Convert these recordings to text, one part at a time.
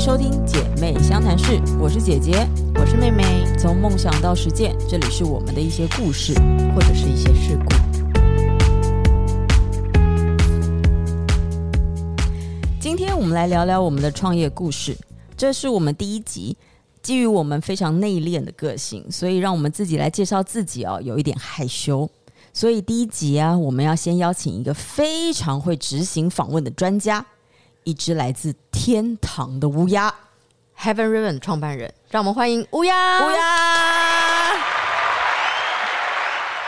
收聽姐妹相談室，我是姐姐，我是妹妹。從夢想到實踐，這裡是我們的一些故事，或者是一些事故。今天我們來聊聊我們的創業故事，這是我們第一集。基於我們非常內斂的個性，所以讓我們自己來介紹自己哦，有一點害羞。所以第一集啊，我們要先邀請一個非常會執行訪問的專家。一只來自天堂的烏鴉，Heaven Raven 創辦人，讓我們歡迎烏鴉。烏鴉，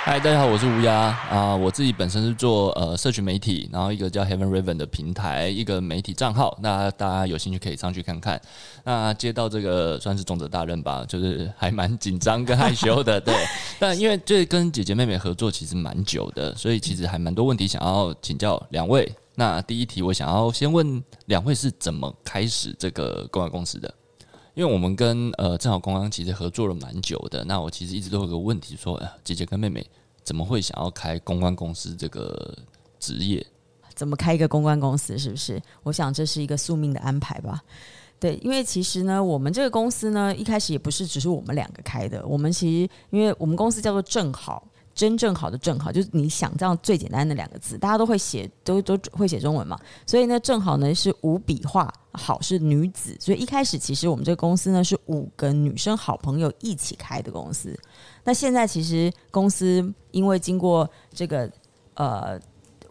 嗨，大家好，我是烏鴉啊、呃，我自己本身是做呃社群媒體，然後一個叫 Heaven Raven 的平台，一個媒體賬號，那大家,大家有興趣可以上去看看。那接到這個算是重責大任吧，就是還蠻緊張跟害羞的， 對。但因為這跟姐姐妹妹合作其實蠻久的，所以其實還蠻多問題想要請教兩位。那第一題，我想要先問兩位是怎麼開始這個公關公司的？因為我們跟呃正好公關其實合作了蠻久的。那我其實一直都有個問題說，說、啊：姐姐跟妹妹怎麼會想要開公關公司這個職業？怎麼開一個公關公司？是不是？我想這是一個宿命的安排吧？對，因為其實呢，我們這個公司呢，一開始也不是只是我們兩個開的。我們其實因為我們公司叫做正好。真正好的正好，就是你想這樣，最簡單的兩個字，大家都會寫，都都會寫中文嘛。所以呢，正好呢是五筆畫，好是女子，所以一開始其實我們這個公司呢是五個女生好朋友一起開的公司。那現在其實公司因為經過這個呃。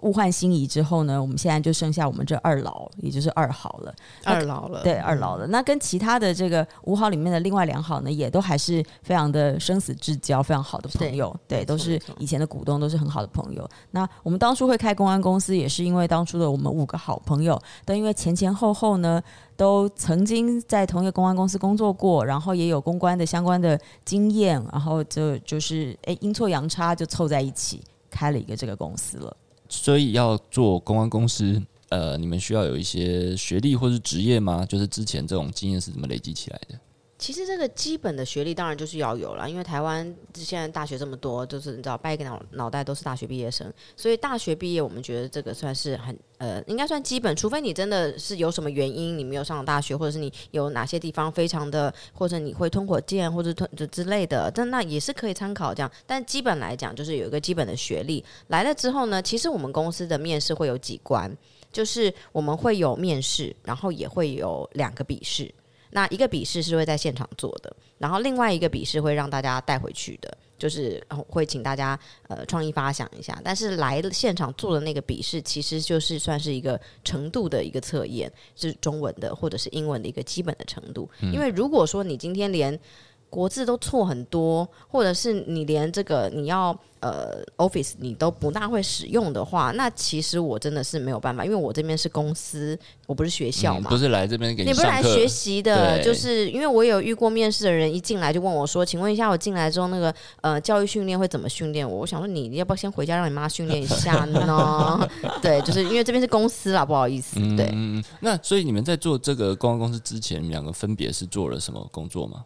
物換星移之後呢，我們現在就剩下我們這二老，也就是二好了，二老了，啊、對、嗯、二老了。那跟其他的這個五好裡面的另外兩好呢，也都還是非常的生死之交，非常好的朋友，對，對都是以前的股東，都是很好的朋友。沒錯沒錯。那我們當初會開公關公司，也是因為當初的我們五個好朋友，都因為前前後後呢，都曾經在同一個公關公司工作過，然後也有公關的相關的經驗，然後就就是哎陰、欸、錯陽差就湊在一起開了一個這個公司了。所以要做公關公司，呃，你們需要有一些學歷或是職業嗎？就是之前這種經驗是怎麼累積起來的？其實這個基本的學歷當然就是要有了，因為台灣現在大學這麼多，就是你知道掰個腦腦袋都是大學畢業生，所以大學畢業我們覺得這個算是很呃應該算基本，除非你真的是有什麼原因你沒有上大學，或者是你有哪些地方非常的，或者你會吞火箭或者吞之類的，但那也是可以參考這樣。但基本來講，就是有一個基本的學歷來了之後呢，其實我們公司的面試會有幾關，就是我們會有面試，然後也會有兩個筆試。那一個筆試是會在現場做的，然後另外一個筆試會讓大家帶回去的，就是會請大家呃創意發想一下。但是來現場做的那個筆試，其實就是算是一個程度的一個測驗，是中文的或者是英文的一個基本的程度。嗯。因為如果說你今天連。國字都錯很多，或者是你連這個你要呃 Office 你都不大會使用的話，那其實我真的是沒有辦法，因為我這邊是公司，我不是學校嘛，嗯、不是來這邊給你，你不是來學習的，就是因為我有遇過面試的人一進來就問我說，請問一下我進來之後那個呃教育訓練會怎麼訓練我？我想問你你要不要先回家讓你媽訓練一下呢？ 對，就是因為這邊是公司啦，不好意思，嗯、對，嗯，那所以你們在做這個公關公司之前，你們兩個分別是做了什麼工作嗎？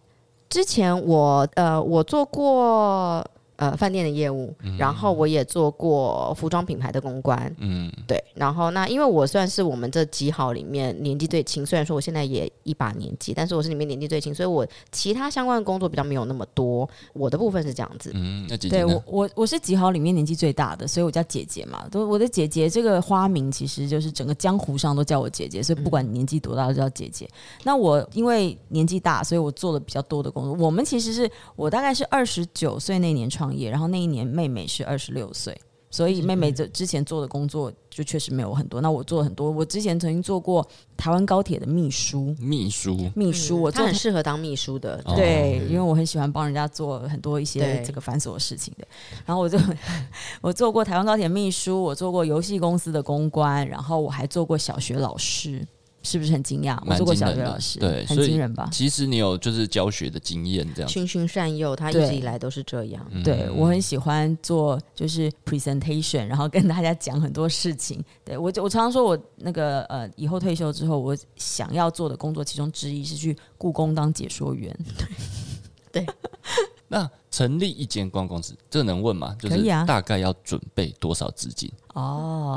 之前我呃，我做過。呃，飯店的業務，然後我也做過服裝品牌的公關，嗯，對，然後那因為我算是我們這幾好裡面年紀最輕，雖然說我現在也一把年紀，但是我是裡面年紀最輕，所以我其他相關的工作比較沒有那麼多。我的部分是這樣子，嗯，那姐姐，對，我我我是幾號裡面年紀最大的，所以我叫姐姐嘛，都我的姐姐這個花名其實就是整個江湖上都叫我姐姐，所以不管年紀多大都叫姐姐。嗯，那我因為年紀大，所以我做了比較多的工作。我們其實是我大概是二十九歲那年創業。然後那一年妹妹是二十六歲，所以妹妹這之前做的工作就確實沒有很多。那我做了很多，我之前曾經做過台灣高鐵的秘書，秘書，秘書，嗯、我就很適合當秘書的。對，對，因為我很喜歡幫人家做很多一些這個繁瑣的事情的。然後我做，我做過台灣高鐵秘書，我做過遊戲公司的公關，然後我還做過小學老師。是不是很驚訝？我做過小學老師，對，很驚人吧？其實你有就是教學的經驗，這樣循循善誘，他一直以來都是這樣。對，對，嗯嗯，我很喜歡做就是 presentation，然後跟大家講很多事情，對，我就我常常說我那個呃，以後退休之後，我想要做的工作其中之一是去故宮當解說員。嗯，對， 那。成立一間公關公司，這個、能問嗎？可以啊。大概要準備多少資金？啊？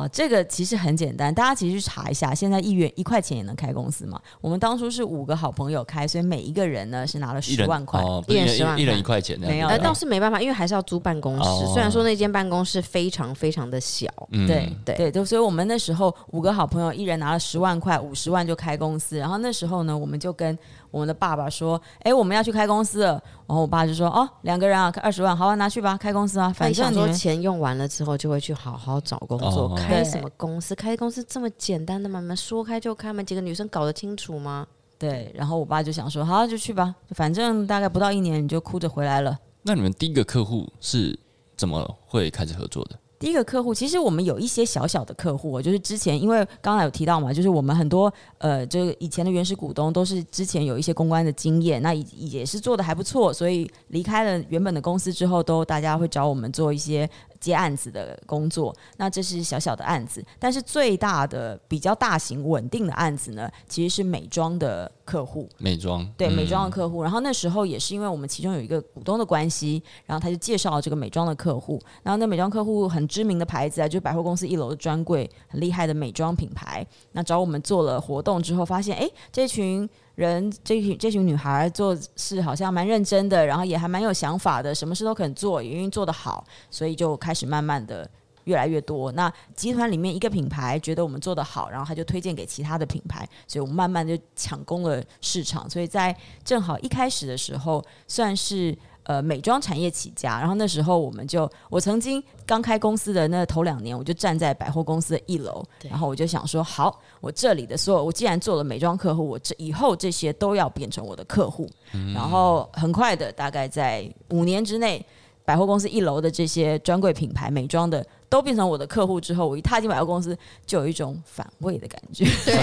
哦，這個其實很簡單，大家其實去查一下，現在一元一塊錢也能開公司嘛。我們當初是五個好朋友開，所以每一個人呢是拿了十萬塊，變、哦、十萬，一人一塊錢。的。沒有，那、啊、倒是沒辦法，因為還是要租辦公室、哦。雖然說那間辦公室非常非常的小，對、嗯、對對，就所以我們那時候五個好朋友，一人拿了十萬塊，五十萬就開公司。然後那時候呢，我們就跟我們的爸爸說：“哎、欸，我們要去開公司了。”然後我爸就說：“哦，兩個。”對二十萬，好啊，拿去吧，開公司啊。反正說你、哎、你錢用完了之後，就會去好好找工作、哦開哦哦，開什麼公司？開公司這麼簡單的嗎？說開就開嗎？幾個女生搞得清楚嗎？對，然後我爸就想說，好、啊、就去吧，反正大概不到一年你就哭着回來了。那你們第一個客戶是怎麼會開始合作的？第一個客戶，其實我們有一些小小的客戶，就是之前因為剛才有提到嘛，就是我們很多呃，就是以前的原始股東都是之前有一些公關的經驗，那也是做的還不錯，所以離開了原本的公司之後，都大家會找我們做一些。接案子的工作，那這是小小的案子，但是最大的比較大型穩定的案子呢，其實是美妝的客戶。美妝、嗯、對美妝的客戶，然後那時候也是因為我們其中有一個股東的關係，然後他就介紹了這個美妝的客戶，然後那美妝客戶很知名的牌子啊，就是百貨公司一樓的專櫃，很厲害的美妝品牌，那找我們做了活動之後，發現哎、欸，這群。人，這群這群女孩，做事好像蠻認真的，然後也還蠻有想法的，什麼事都肯做，也因為做得好，所以就開始慢慢的越來越多。那集團裡面一個品牌覺得我們做得好，然後他就推薦給其他的品牌，所以我們慢慢就搶攻了市場。所以在正好一開始的時候，算是。呃，美妝產業起家，然後那時候我們就，我曾經剛開公司的那頭兩年，我就站在百貨公司的一樓，然後我就想說，好，我這裡的所有，我既然做了美妝客戶，我這以後這些都要變成我的客戶，嗯、然後很快的，大概在五年之內，百貨公司一樓的這些專櫃品牌，美妝的。都變成我的客戶之後，我一踏進百貨公司就有一種反胃的感覺。對，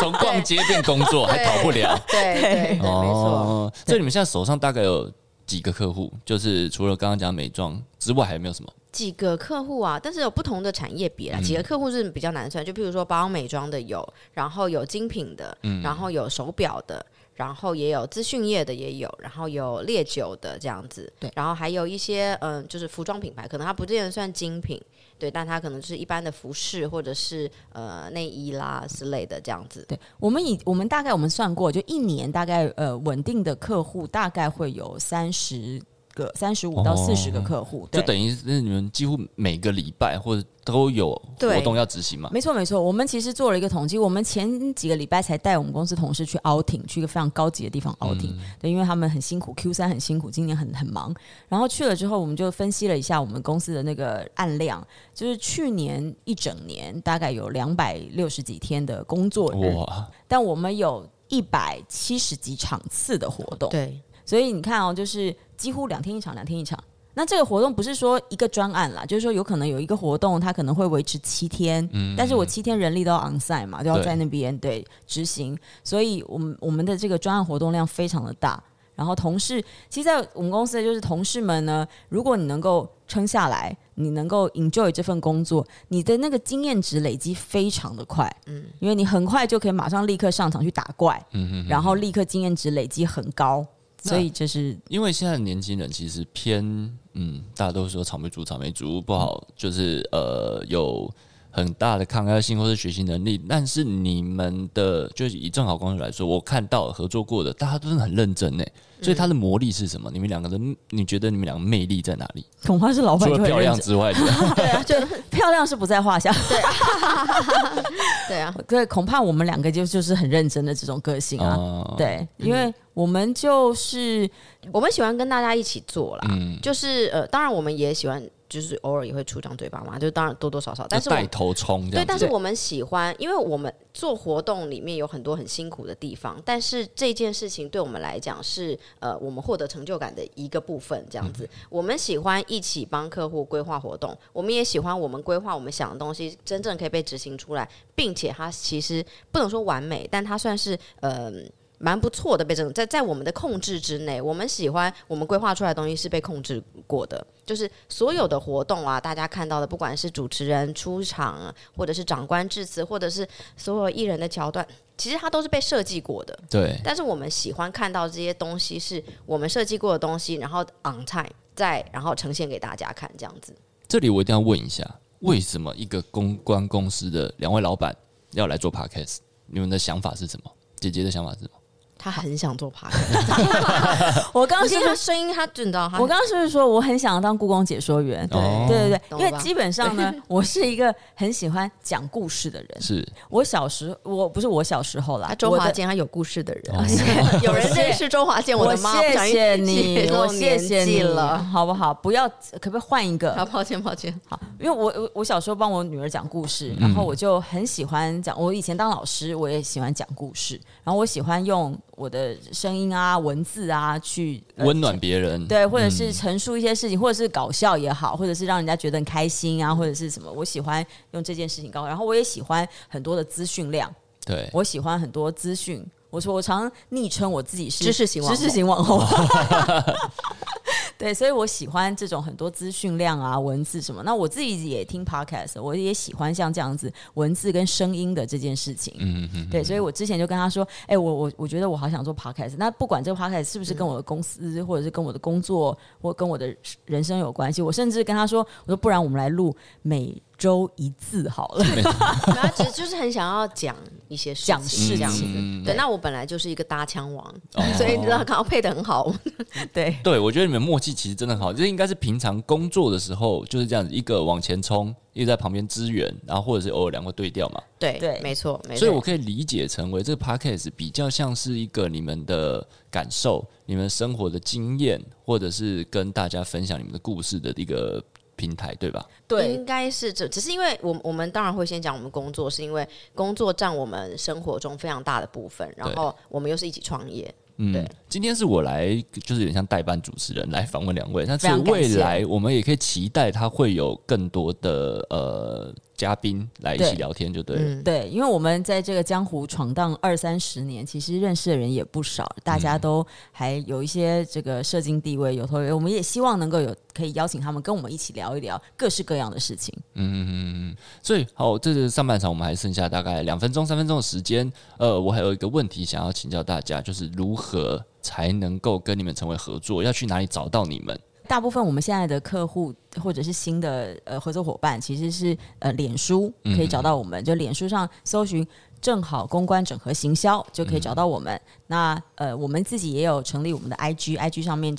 從 逛街變工作，還跑不了。對對對，哦、對，沒錯。所以你們現在手上大概有幾個客戶？就是除了剛剛講美妝之外，還有沒有什麼？幾個客戶啊，但是有不同的產業別啦，嗯。幾個客戶是比較難算，就譬如說包美妝的有，然後有精品的，嗯，然後有手錶的。然後也有資訊業的，也有，然後有烈酒的這樣子，對。然後還有一些嗯、呃，就是服裝品牌，可能它不見得算精品，對。但它可能是一般的服飾或者是呃內衣啦之類的這樣子。對，我們以我們大概我們算過，就一年大概呃穩定的客戶大概會有三十個三十五到四十個客戶、oh,，就等於是你們幾乎每個禮拜或者都有活動要執行嘛？沒錯，沒錯。我們其實做了一個統計，我們前幾個禮拜才帶我們公司同事去 outing，去一個非常高級的地方 outing、嗯。對，因為他們很辛苦，Q 三很辛苦，今年很很忙。然後去了之後，我們就分析了一下我們公司的那個案量，就是去年一整年大概有兩百六十幾天的工作日，哇。但我們有一百七十幾場次的活動。嗯、對。所以你看哦，就是幾乎兩天一場，兩天一場。那這個活動不是說一個專案啦，就是說有可能有一個活動，它可能會維持七天。嗯，但是我七天人力都要 on site 嘛，都要在那邊對、對執行。所以，我們我們的這個專案活動量非常的大。然後，同事，其實，在我們公司，就是同事們呢，如果你能夠撐下來，你能夠 enjoy 這份工作，你的那個經驗值累積非常的快。嗯，因為你很快就可以馬上立刻上場去打怪，嗯嗯，然後立刻經驗值累積很高。所以就是因為現在的年輕人其實偏嗯，大家都說草莓族草莓族，不好，嗯、就是呃有很大的抗壓性或是學習能力。但是你們的就是以正好公關來說，我看到合作過的，大家都是很認真呢、嗯。所以他的魔力是什麼？你們兩個人，你覺得你們兩個魅力在哪裡？恐怕是老闆就除了漂亮之外的。 對啊就。漂亮是不在話下，對啊，對啊，對，恐怕我們兩個就就是很認真的這種個性啊，哦、對，因為我們就是、嗯、我們喜歡跟大家一起做啦、嗯，就是呃，當然我們也喜歡。就是偶爾也會出張嘴巴嘛，就當然多多少少，但是我們帶頭衝，對，但是我們喜歡，因為我們做活動裡面有很多很辛苦的地方，但是這件事情對我們來講是呃，我們獲得成就感的一個部分，這樣子、嗯。我們喜歡一起幫客戶規劃活動，我們也喜歡我們規劃我們想的東西真正可以被執行出來，並且它其實不能說完美，但它算是呃。蠻不錯的，被這種在在我們的控制之內。我們喜歡我們規劃出來的東西是被控制過的，就是所有的活動啊，大家看到的，不管是主持人出場啊，或者是長官致辭，或者是所有藝人的橋段，其實它都是被設計過的。對。但是我們喜歡看到這些東西是我們設計過的東西，然後 on time 再然後呈現給大家看，這樣子。這裡我一定要問一下，為什麼一個公關公司的兩位老板要來做 podcast？你們的想法是什麼？姐姐的想法是什麼？他很想做爬 我剛剛聽他聲音他，他真的。我剛剛是不是說我很想當故宮解說員？對、哦、對對，對，因為基本上呢，我是一個很喜歡講故事的人。是我小時候，我不是我小時候啦。周華健，他有故事的人。哦、 有人認識周華健？我的媽！謝謝你，我，我謝謝你謝謝了謝謝你，好不好？不要，可不可以換一個？好，抱歉，抱歉。好，因為我我我小時候幫我女兒講故事，然後我就很喜歡講。我以前當老師，我也喜歡講故事，然後我喜歡用。我的聲音啊，文字啊，去呃、溫暖別人，對，或者是陳述一些事情，嗯、或者是搞笑也好，或者是讓人家覺得很開心啊，或者是什麼，我喜歡用這件事情搞，然後我也喜歡很多的資訊量，對，我喜歡很多資訊。我說我常常昵稱我自己是知識型知識型網紅，對，所以我喜歡這種很多資訊量啊、文字什麼。那我自己也聽 Podcast，我也喜歡像這樣子文字跟聲音的這件事情。嗯嗯對，所以我之前就跟他說：“哎、欸，我我我覺得我好想做 Podcast。”那不管這個 Podcast 是不是跟我的公司、嗯，或者是跟我的工作，或跟我的人生有關係，我甚至跟他說：“我說不然我們來錄每……’週一字好了、 啊，然後其實就是很想要講一些講事情這樣子，嗯嗯嗯對。那我本來就是一個搭腔王，嗯嗯所以你知道剛剛配得很好，哦、 對。對，我覺得你們默契其實真的很好，就是應該是平常工作的時候就是這樣子，一個往前衝，一個在旁邊支援，然後或者是偶爾兩個對調嘛。對對，沒錯沒錯。所以我可以理解成為這個 Podcast 比較像是一個你們的感受、你們生活的經驗，或者是跟大家分享你們的故事的一個。平台對吧？對，應該是這，只是因為我們，我們當然會先講我們工作，是因為工作占我們生活中非常大的部分。然後我們又是一起創業，對對，嗯，今天是我來就是有點像代班主持人來訪問兩位，但是未來我們也可以期待他會有更多的呃。嘉賓來一起聊天就對了對、嗯。對，因為我們在這個江湖闖蕩二三十年，其實認識的人也不少，大家都還有一些這個社經地位有頭有臉，我們也希望能夠有可以邀請他們跟我們一起聊一聊各式各樣的事情。嗯嗯嗯。所以好，這是、個、上半場，我們還剩下大概兩分鐘、三分鐘的時間。呃，我還有一個問題想要請教大家，就是如何才能夠跟你們成為合作？要去哪裡找到你們？大部分我們現在的客戶或者是新的呃合作夥伴，其實是呃臉書可以找到我們，嗯、就臉書上搜尋“正好公關整合行銷”、嗯、就可以找到我們。那呃，我們自己也有成立我們的 I G I G 上面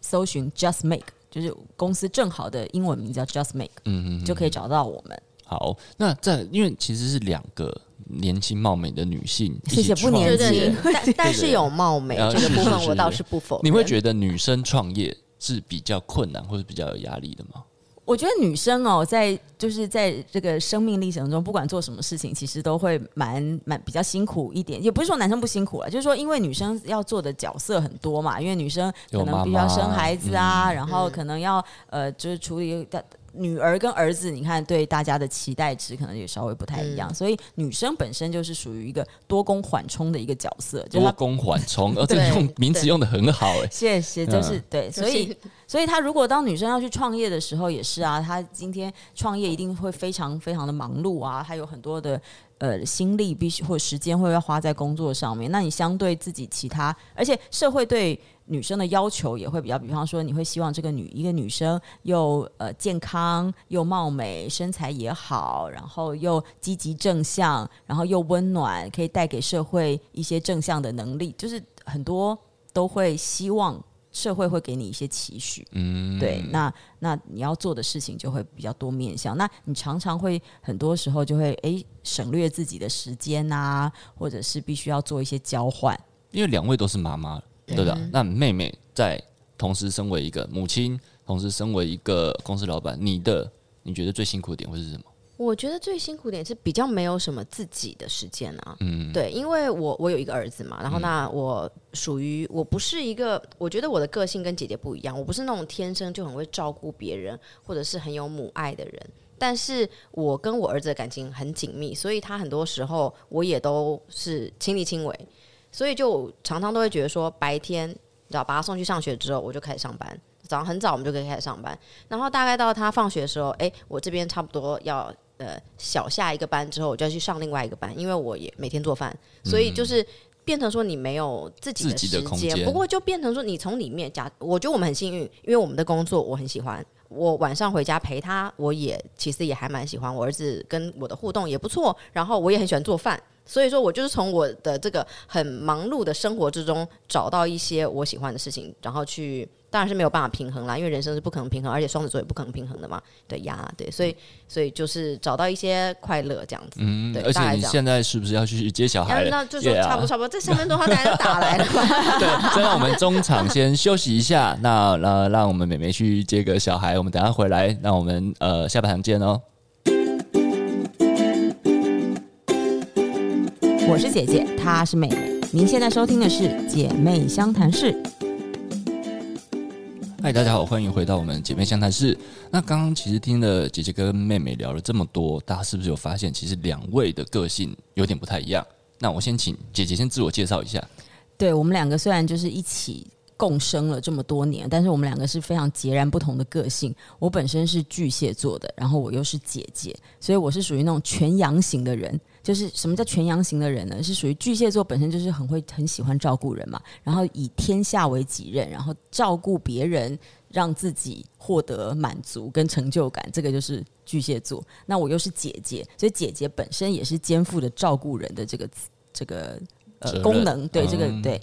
搜尋 “Just Make”，就是公司正好的英文名字叫 Just Make，嗯嗯，就可以找到我們。好，那在因為其實是兩個年輕貌美的女性，謝謝不年輕，但但是有貌美、啊、這個部分我倒是不否認。你會覺得女生創業？是比較困難，或者比較有壓力的嗎？我覺得女生哦、喔，在就是在這個生命歷程中，不管做什麼事情，其實都會蠻蠻比較辛苦一點。也不是說男生不辛苦了，就是說，因為女生要做的角色很多嘛，因為女生可能比較生孩子啊，媽媽嗯、然後可能要呃，就是處理、呃女兒跟兒子，你看對大家的期待值可能也稍微不太一樣，嗯，所以女生本身就是屬於一個多工緩衝的一個角色。多工緩衝，而且用名詞用得很好。哎，謝謝。就是對、嗯，所以，所以他如果當女生要去創業的時候，也是啊，他今天創業一定會非常非常的忙碌啊，還有很多的呃心力必須或者時間會要花在工作上面，那你相對自己其他，而且社會對。女生的要求也會比較，比方說你會希望這個女一個女生又呃健康又貌美，身材也好，然後又積極正向，然後又溫暖，可以帶給社會一些正向的能力，就是很多都會希望社會會給你一些期許，嗯，對，那那你要做的事情就會比較多面向，那你常常會很多時候就會誒省略自己的時間啊，或者是必須要做一些交換，因為兩位都是媽媽。對的，那妹妹在同時身為一個母親，同時身為一個公司老闆，你的你覺得最辛苦的點會是什麼？我覺得最辛苦點是比較沒有什麼自己的時間啊。嗯，對，因為我我有一個兒子嘛，然後那我屬於我不是一個，我覺得我的個性跟姐姐不一樣，我不是那種天生就很會照顧別人或者是很有母愛的人，但是我跟我兒子的感情很緊密，所以他很多時候我也都是親力親為。所以就常常都會覺得說，白天你知道把他送去上學之後，我就開始上班。早上很早我們就可以開始上班，然後大概到他放學的時候，誒、欸，我這邊差不多要呃小下一個班之後，我就要去上另外一個班，因為我也每天做飯，所以就是變成說你沒有自己的時間。不過就變成說你從裡面假，我覺得我們很幸運，因為我們的工作我很喜歡。我晚上回家陪他，我也其實也還蠻喜歡我兒子，跟我的互動也不錯，然後我也很喜歡做飯，所以說我就是從我的這個很忙碌的生活之中找到一些我喜歡的事情，然後去。當然是沒有辦法平衡啦，因為人生是不可能平衡，而且雙子座也不可能平衡的嘛。對呀，對，所以所以就是找到一些快樂這樣子。嗯，對，而且你現在是不是要去接小孩？啊，那就是我差不多差不多，啊、這三分鐘都快被人打來了 對，再讓我們中場先休息一下。 那讓讓我們妹妹去接個小孩，我們等下回來。那我們呃下半場見哦。我是姐姐，她是妹妹。您現在收聽的是《姐妹相談室》。嗨，大家好，歡迎回到我們姐妹相談室。那剛剛其實聽了姐姐跟妹妹聊了這麼多，大家是不是有發現，其實兩位的個性有點不太一樣？那我先請姐姐先自我介紹一下。對，我們兩個雖然就是一起共生了這麼多年，但是我們兩個是非常截然不同的個性。我本身是巨蟹座的，然後我又是姐姐，所以我是屬於那種全陽型的人。嗯就是什麼叫全陽型的人呢？是屬於巨蟹座，本身就是很會、很喜歡照顧人嘛。然後以天下為己任，然後照顧別人，讓自己獲得滿足跟成就感。這個就是巨蟹座。那我又是姐姐，所以姐姐本身也是肩負著照顧人的這個這個呃功能。對，嗯、這個對。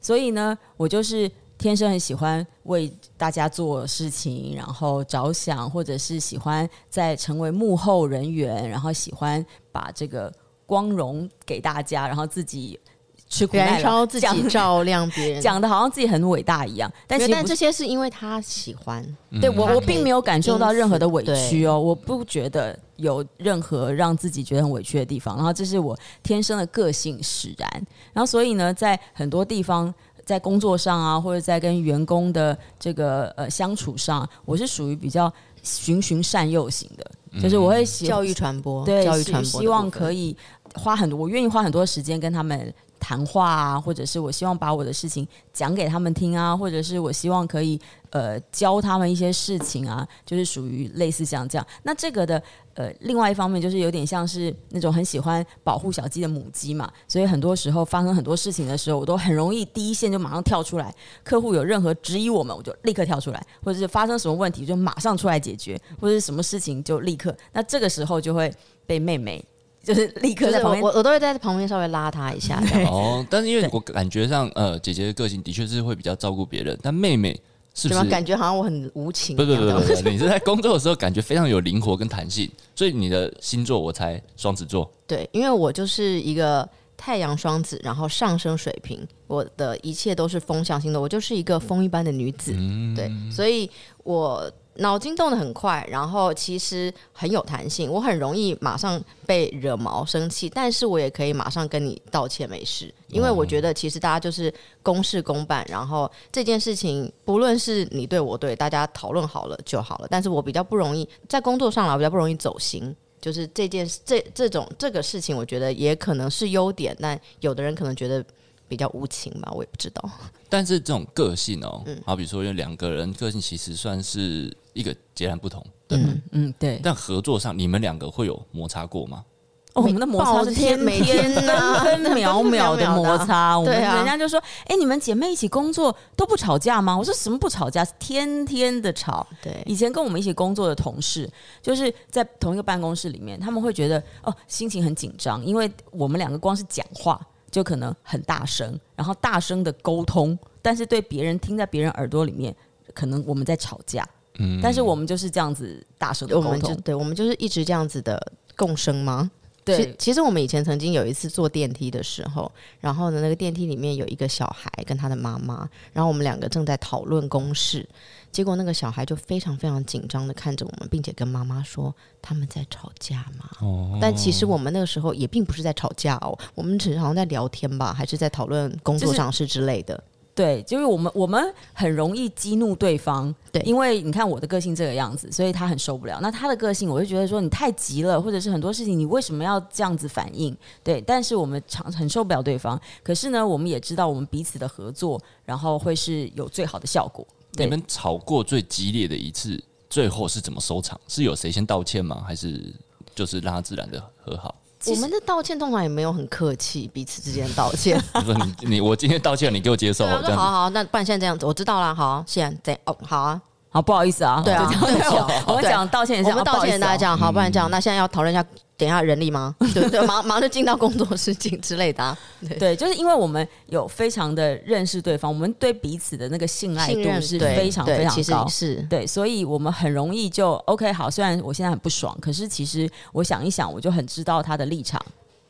所以呢，我就是。天生很喜歡為大家做事情，然後着想，或者是喜歡在成為幕後人員，然後喜歡把這個光榮給大家，然後自己吃苦，燃燒自己，照亮別人，講的好像自己很偉大一樣。但是但這些是因為他喜歡，嗯、對我我並沒有感受到任何的委屈哦，我不覺得有任何讓自己覺得很委屈的地方。然後這是我天生的個性使然，然後所以呢，在很多地方。在工作上啊，或者在跟員工的這個呃相處上，我是屬於比較循循善誘型的，嗯，就是我會喜歡，教育傳播，對，教育傳播，希望可以花很多，我願意花很多時間跟他們談話啊，或者是我希望把我的事情講給他們聽啊，或者是我希望可以。呃，教他們一些事情啊，就是屬於類似像這樣。那這個的呃，另外一方面就是有點像是那種很喜歡保護小雞的母雞嘛，所以很多時候發生很多事情的時候，我都很容易第一線就馬上跳出來。客戶有任何質疑我們，我就立刻跳出來，或者是發生什麼問題就馬上出來解決，或者是什麼事情就立刻。那這個時候就會被妹妹就是立刻在旁邊，就是，我我都會在旁邊稍微拉她一下。哦，但是因為我感覺上呃，姐姐的個性的確是會比較照顧別人，但妹妹。是嗎？感覺好像我很無情，不不不不不。對，對，對。你是在工作的時候感覺非常有靈活跟彈性，所以你的星座我猜雙子座。對，因為我就是一個太陽雙子，然後上升水瓶。我的一切都是風象星座，我就是一個風一般的女子。嗯、對，所以我。腦筋動得很快，然後其實很有彈性，我很容易馬上被惹毛生氣，但是我也可以馬上跟你道歉沒事，因為我覺得其實大家就是公事公辦，然後這件事情不論是你對我對，大家討論好了就好了。但是我比較不容易在工作上來，比較不容易走心，就是這件這這種這個事情，我覺得也可能是優點，但有的人可能覺得，比較無情吧，我也不知道。但是這種個性哦、喔嗯，好比說，因為兩個人個性其實算是一個截然不同，嗯對嗯，對。但合作上，你們兩個會有摩擦過嗎、哦？我們的摩擦是天天分、啊、分、啊、秒，秒秒的摩擦、 嗯，我們人家就說：“哎、欸，你們姐妹一起工作都不吵架嗎？”我說：“什麼不吵架？是天天的吵。”對，以前跟我們一起工作的同事，就是在同一個辦公室裡面，他們會覺得哦，心情很緊張，因為我們兩個光是講話。就可能很大聲，然後大聲的溝通，但是對別人聽在別人耳朵裡面，可能我們在吵架，嗯，但是我們就是這樣子大聲的溝通，對，我們就是一直這樣子的共生嗎？其其實我們以前曾經有一次坐電梯的時候，然後呢，那個電梯裡面有一個小孩跟他的媽媽，然後我們兩個正在討論公事，結果那個小孩就非常非常緊張的看着我們，並且跟媽媽說他們在吵架嘛、哦。但其實我們那個時候也並不是在吵架哦，我們只是好像在聊天吧，還是在討論工作上的事之類的。就是對，就是我們，我們很容易激怒對方，對，因為你看我的個性這個樣子，所以他很受不了。那他的個性，我就覺得說你太急了，或者是很多事情，你為什麼要這樣子反應？對，但是我們常很受不了對方。可是呢，我們也知道我們彼此的合作，然後會是有最好的效果。對，你們吵過最激烈的一次，最後是怎麼收場？是有誰先道歉嗎？還是就是讓他自然的和好？我們的道歉通常也沒有很客氣，彼此之間道歉。我 不是你，你我今天道歉，你給我接受。啊、好好，那不然現在這樣子，我知道了。好，現在這樣哦，好啊，好，不好意思啊，對啊，對啊對對，我講道歉也是要我們道歉大家這樣，好，不然這樣，嗯、那現在要討論一下。等一下，人力嗎？ 對對，忙忙着進到工作室進之類的，啊對。對，就是因為我們有非常的認識對方，我們對彼此的那個信賴度是非常非常高。對對是對，所以我們很容易就 OK 好。雖然我現在很不爽，可是其實我想一想，我就很知道他的立場，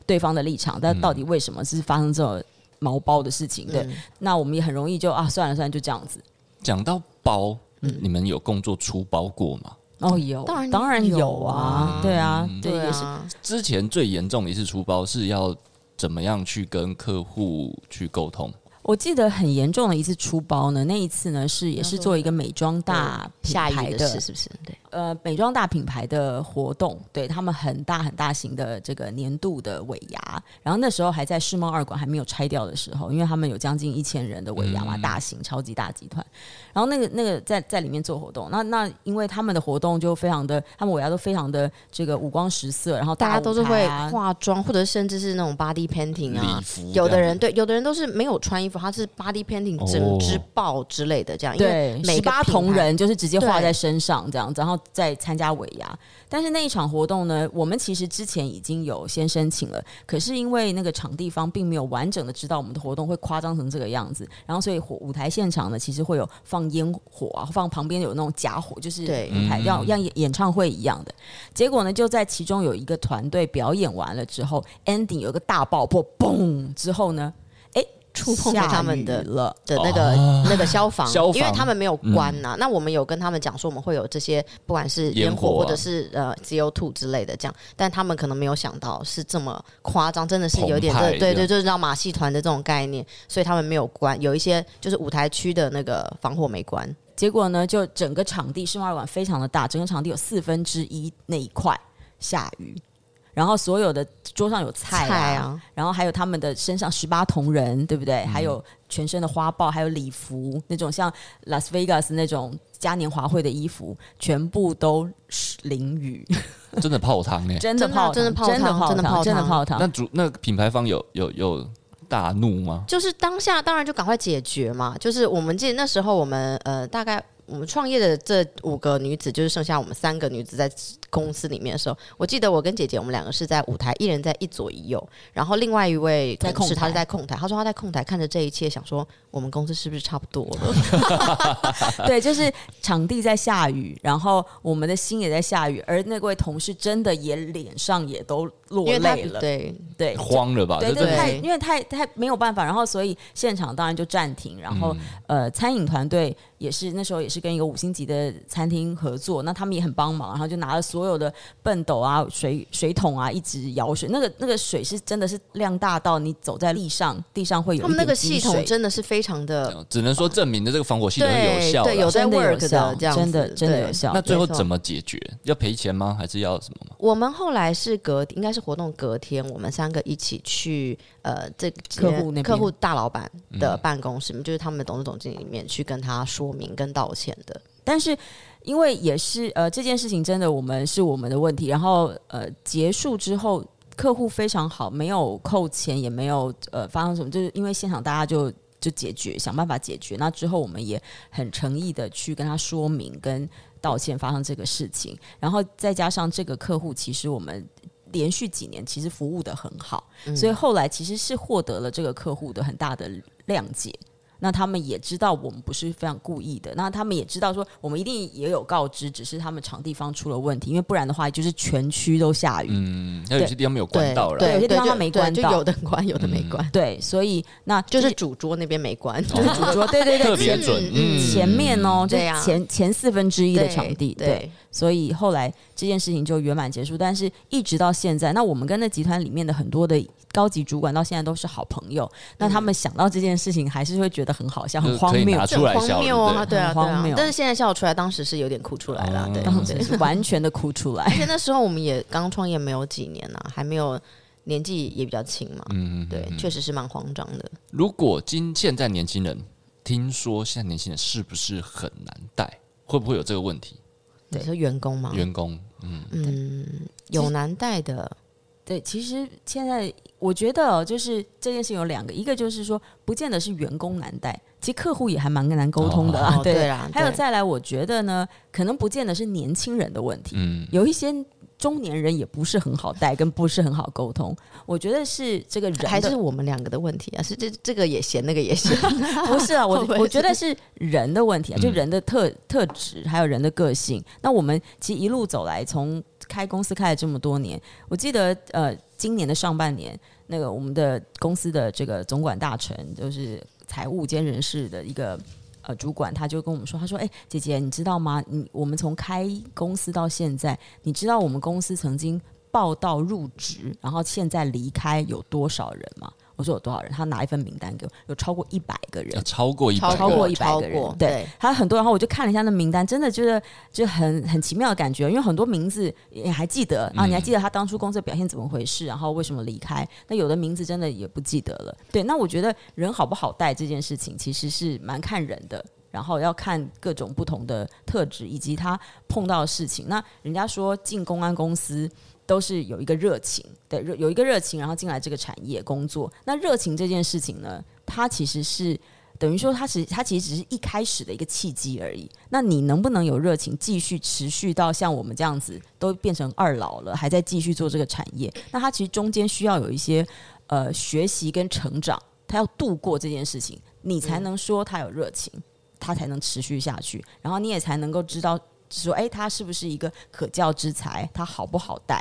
對方的立場，嗯，但到底為什麼是發生這種毛包的事情？對，嗯、那我們也很容易就啊，算了算了，就這樣子。講到包、嗯，你們有工作出包過嗎？哦，有，當然當然有啊、嗯，對啊，對啊。對，就是、之前最嚴重的一次出包是要怎麼樣去跟客戶去溝通？我記得很嚴重的一次出包呢，那一次呢是也是做一個美妝大品牌的，啊、的是不是？對。呃，美妝大品牌的活動，對，他們很大很大型的這個年度的尾牙，然後那時候還在世貿二館還沒有拆掉的時候，因為他們有將近一千人的尾牙嘛，大型、嗯、超級大集團，然後那個那個在在裡面做活動，那那因為他們的活動就非常的，他們尾牙都非常的這個五光十色，然後、啊、大家都是會化妝，或者甚至是那種 body painting 啊，有的人對，有的人都是沒有穿衣服，他是 body painting、哦、整隻豹之類的這樣，因為對，十八銅人就是直接畫在身上這樣子，然後。在參加尾牙，但是那一場活動呢，我們其實之前已經有先申請了，可是因為那個場地方並沒有完整的知道我們的活動會誇張成這個樣子，然後所以火舞台現場呢，其實會有放煙火啊，放旁邊有那種假火，就是舞台，對，嗯嗯，要像演唱會一樣的。結果呢，就在其中有一個團隊表演完了之後，ending 有個大爆破，嘣！之後呢？觸碰到他們的了的那個、啊、那個消防，消防，因為他們沒有關吶、啊嗯。那我們有跟他們講說，我們會有這些不管是煙火或者是、啊、呃 CO2 之類的這樣，但他們可能沒有想到是這麼誇張，真的是有點對對對，就是讓馬戲團的這種概念，所以他們沒有關，有一些就是舞台區的那個防火沒關，結果呢，就整個場地室外館非常的大，整個場地有四分之一那一塊下雨。然後所有的桌上有菜啊，菜啊，然後還有他們的身上十八銅人，對不對？嗯。還有全身的花豹，還有禮服那種像拉斯維加斯那種嘉年華會的衣服，全部都是淋雨 真、欸，真的泡湯嘞！真的泡湯，湯，真的泡湯，真的泡湯。那主那品牌方有有有大怒嗎？就是當下當然就趕快解決嘛。就是我們記得那時候我們呃大概。我們創業的這五個女子，就是剩下我們三個女子在公司裡面的時候，我記得我跟姐姐，我們兩個是在舞台，一人在一左一右，然後另外一位同事他是在控台，在控台，她說她在控台看着這一切，想說我們公司是不是差不多了？ 對，就是場地在下雨，然後我們的心也在下雨，而那位同事真的也臉上也都。落淚了，對對，慌了吧？對對，太因為太太沒有辦法，然後所以現場當然就暫停，然後、嗯、呃，餐飲團隊也是那時候也是跟一個五星級的餐廳合作，那他們也很幫忙，然後就拿了所有的畚斗啊、水水桶啊，一直舀水。那個那個水是真的是量大到你走在地上，地上會有。他們那個系統真的是非常的，只能說證明的這個防火系統有效，有，有，效有效，對有在 work 的，真的真的。有效。那最後怎麼解決？要賠錢嗎？還是要什麼？我們後來是隔應該是。是活動隔天，我們三個一起去呃，這個、客戶那客戶大老板的辦公室，嗯、就是他們的董事總經理裡面去跟他說明跟道歉的。但是因為也是呃這件事情真的我們是我們的問題，然後呃結束之後客戶非常好，沒有扣錢也沒有呃發生什麼，就是因為現場大家就就解決想辦法解決。那之後我們也很誠意的去跟他說明跟道歉發生這個事情，然後再加上這個客戶其實我們。連續幾年其實服務的很好、嗯，所以後來其實是獲得了這個客戶的很大的諒解。那他們也知道我們不是非常故意的，那他們也知道說我們一定也有告知，只是他們場地方出了問題，因為不然的話就是全區都下雨。嗯，那有些地方沒有關到啦，有些地方他沒關到，有的關，有的沒關。嗯、對，所以那就是主桌那邊沒關、嗯，就是主桌、嗯，對對對，特別準、嗯嗯、前面哦、喔嗯，就前、啊、前四分之一的場地，對。對所以後來這件事情就圓滿結束，但是一直到現在，那我們跟那集團裡面的很多的高級主管到現在都是好朋友。嗯、那他們想到這件事情，還是會覺得很好笑、很荒謬、很荒謬啊。對啊，荒謬。但是現在笑得出來，當時是有點哭出來了、嗯，對，完全的哭出來。嗯、 而且那時候我們也剛創業沒有幾年呢、啊，還沒有年紀也比較輕嘛，嗯，嗯嗯，對，確實是蠻慌張的。如果今現在年輕人聽說現在年輕人是不是很難帶，會不會有這個問題？對，說員工嘛，員工，嗯嗯，有難帶的，對，其實現在我覺得、哦、就是這件事有兩個，一個就是說，不見得是員工難帶，其實客戶也還蠻難溝通的、啊哦啊，對啦、哦啊。還有再來，我覺得呢，可能不見得是年輕人的問題，嗯、有一些。中年人也不是很好帶，跟不是很好溝通。我覺得是這個人還是我們兩個的問題啊？是這這個也嫌，那個也嫌， 不是啊？我我，我覺得是人的問題啊，就人的特特質，還有人的個性。嗯。那我們其實一路走來，從開公司開了這麼多年，我記得呃，今年的上半年，那個我們的公司的這個總管大臣，就是財務兼人事的一個。呃，主管他就跟我們說，他說：“哎、欸，姐姐，你知道嗎？你我們從開公司到現在，你知道我們公司曾經報到入職，然後現在離開有多少人嗎？”我說，有多少人？他拿一份名單給我，有超過一百個人，超過一百，超過一百個，超過一百個人，對，還有很多。然後我就看了一下那名單，真的就是就很很奇妙的感覺，因為很多名字也還記得、嗯、啊，你還記得他當初工作表現怎麼回事，然後為什麼離開？那有的名字真的也不記得了。對，那我覺得人好不好帶這件事情，其實是蠻看人的，然後要看各種不同的特質，以及他碰到的事情。那人家說進公關公司。都是有一個熱情，對，有一個熱情，然後進來這個產業工作。那熱情這件事情呢，它其實是等於說它，它是它其實只是一開始的一個契機而已。那你能不能有熱情繼續持續到像我們這樣子，都變成二老了，還在繼續做這個產業？那它其實中間需要有一些呃學習跟成長，他要度過這件事情，你才能說他有熱情，他才能持續下去，然後你也才能夠知道說，哎，他是不是一個可教之才，他好不好帶？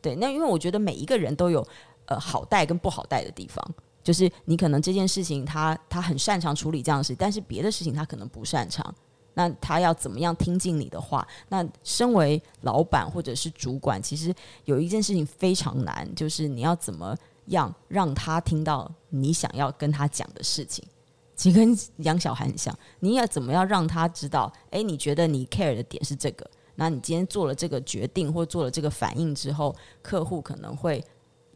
對，那因為我覺得每一個人都有呃好帶跟不好帶的地方，就是你可能這件事情他他很擅長處理這樣的事，但是別的事情他可能不擅長。那他要怎麼樣聽進你的話？那身為老闆或者是主管，其實有一件事情非常難，就是你要怎麼樣讓他聽到你想要跟他講的事情。其實跟養小孩很像，你要怎麼樣讓他知道？哎、欸，你覺得你 care 的點是這個。那你今天做了這個決定或做了這個反應之後，客戶可能會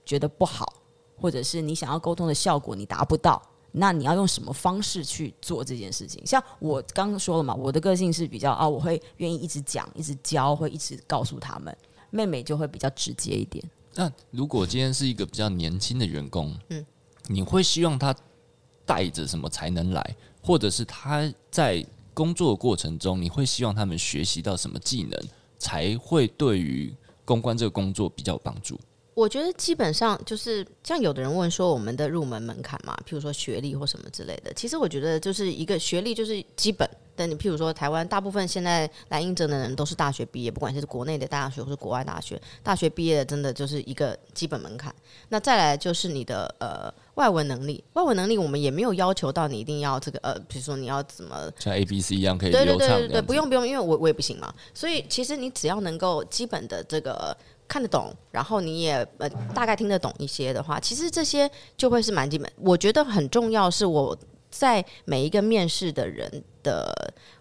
覺得不好，或者是你想要溝通的效果你達不到，那你要用什麼方式去做這件事情？像我剛剛說了嘛，我的個性是比較啊，我會願意一直講、一直教，會一直告訴他們。妹妹就會比較直接一點。那如果今天是一個比較年輕的員工，嗯，你會希望他帶着什麼才能來，或者是他在？工作的過程中，你會希望他們學習到什麼技能，才會對於公關這個工作比較有幫助？我覺得基本上就是像有的人問說我們的入門門檻嘛，譬如說學歷或什麼之類的。其實我覺得就是一個學歷就是基本。但你譬如說台灣大部分現在來應徵的人都是大學畢業，不管是國內的大學或是國外大學，大學畢業的真的就是一個基本門檻。那再來就是你的呃外文能力，外文能力我們也沒有要求到你一定要這個呃，譬如說你要怎麼像 A B C 一樣可以流暢的，對，對，對，對不用不用，因為我我也不行嘛。所以其實你只要能夠基本的這個。看得懂，然後你也呃大概聽得懂一些的話，其實這些就會是蠻基本。我覺得很重要是我在每一個面試的人的，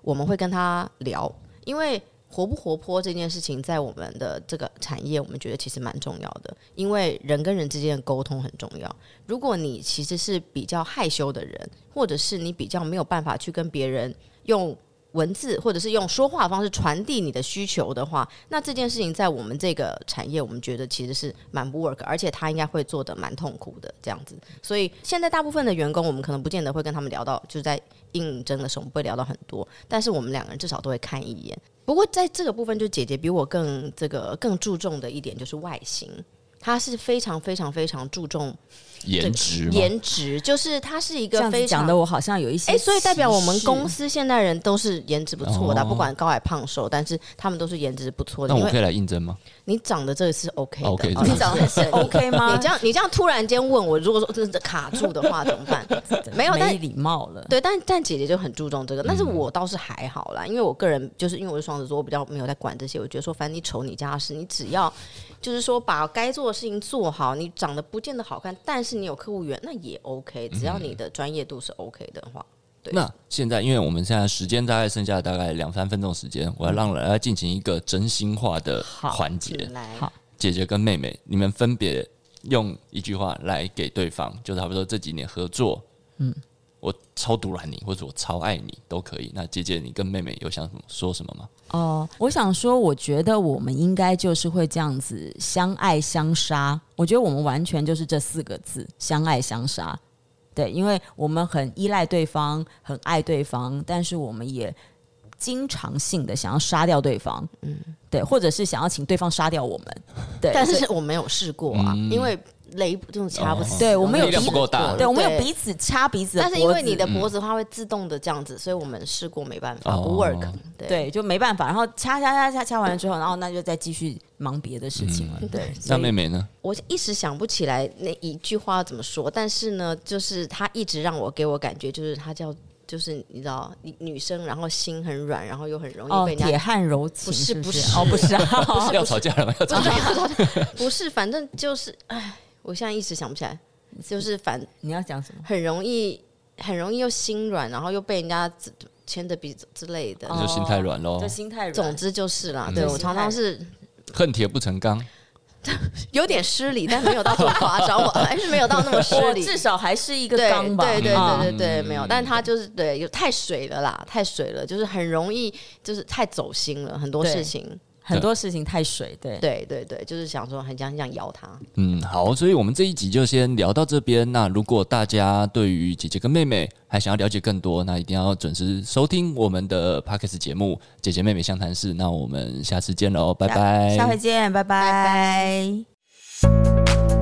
我們會跟他聊，因為活不活潑這件事情，在我們的這個產業，我們覺得其實蠻重要的，因為人跟人之間的溝通很重要。如果你其實是比較害羞的人，或者是你比較沒有辦法去跟別人用。文字或者是用說話的方式傳遞你的需求的話，那這件事情在我們這個產業，我們覺得其實是蠻不 work，而且他應該會做得蠻痛苦的這樣子。所以現在大部分的員工，我們可能不見得會跟他們聊到，就是在應徵的時候，我們不會聊到很多。但是我們兩個人至少都會看一眼。不過在這個部分，就姐姐比我更這個更注重的一點就是外形。他是非常非常非常注重顏值，顏值，顏值就是他是一個非常的我好像有一些，哎，所以代表我們公司現代人都是顏值不錯的，哦、不管高矮胖瘦，但是他們都是顏值不錯的。那、哦、我可以來應徵嗎？你長得這個是 okay, okay,、這個哦、OK，你長得、這個、 OK 嗎？你這樣你這樣突然間問我，如果說真的卡住的話怎麼辦？沒有但，沒禮貌了。對，但但姐姐就很注重這個，但是我倒是還好啦，因為我個人就是因為我是雙子座，我比較沒有在管這些，我覺得說反正你醜你家事，你只要就是說把該做的。事情做好，你長得不見得好看，但是你有客戶緣，那也 OK。只要你的專業度是 OK 的話，嗯嗯對。那現在，因為我們現在時間大概剩下大概兩三分鐘時間，我要讓人來進行一個真心話的環節。嗯。好，姐姐跟妹妹，你們分別用一句話來給對方，就差不多這幾年合作，嗯，我超獨攬你，或者我超愛你，都可以。那姐姐，你跟妹妹有想說什麼嗎？哦、oh，我想說，我覺得我們應該就是會這樣子相愛相殺。我覺得我們完全就是這四個字相愛相殺。對，因為我們很依賴對方，很愛對方，但是我們也經常性的想要殺掉對方。嗯，對，或者是想要請對方殺掉我們。對， 但是我沒有試過啊，嗯、因為。雷這種掐不死、哦不。對、嗯、對我們有鼻，對我們有鼻子掐鼻子，但是因為你的脖子它會自動的這樣子，所以我們試過沒辦法、嗯、不，work，對，對，就沒辦法。然後掐掐掐掐掐完了之後，然後那就再繼續忙別的事情了、嗯。對，那妹妹呢？我一時想不起來那一句話要怎麼說，但是呢，就是她一直讓我給我感覺，就是她叫，就是你知道，女女生，然後心很軟，然後又很容易被鐵漢、哦、柔情是不是，不是不是，哦不是、啊 不，是啊、 不是，不要吵架了不是，反正就是哎。 我現在一時想不起來，就是反你要講什麼，很容易，很容易又心軟，然後又被人家牽着鼻子之類的，你就心太軟咯、哦，就心太軟。總之就是啦，嗯、對我常常是恨鐵不成鋼， 有點失禮，但沒有到這麼誇張，找 我還是沒有到那麼失禮，至少還是一個鋼吧對。對對對對對，沒有，但他就是對，有太水了啦，太水了，就是很容易，就是太走心了，很多事情。很多事情太水，對對對對，就是想說很想很想咬他。嗯，好，所以我們這一集就先聊到這邊。那如果大家對於姐姐跟妹妹還想要了解更多，那一定要準時收聽我們的 Podcast 節目《姐姐妹妹相談室》。那我們下次見嘍，拜拜下！下回見，拜拜。拜拜。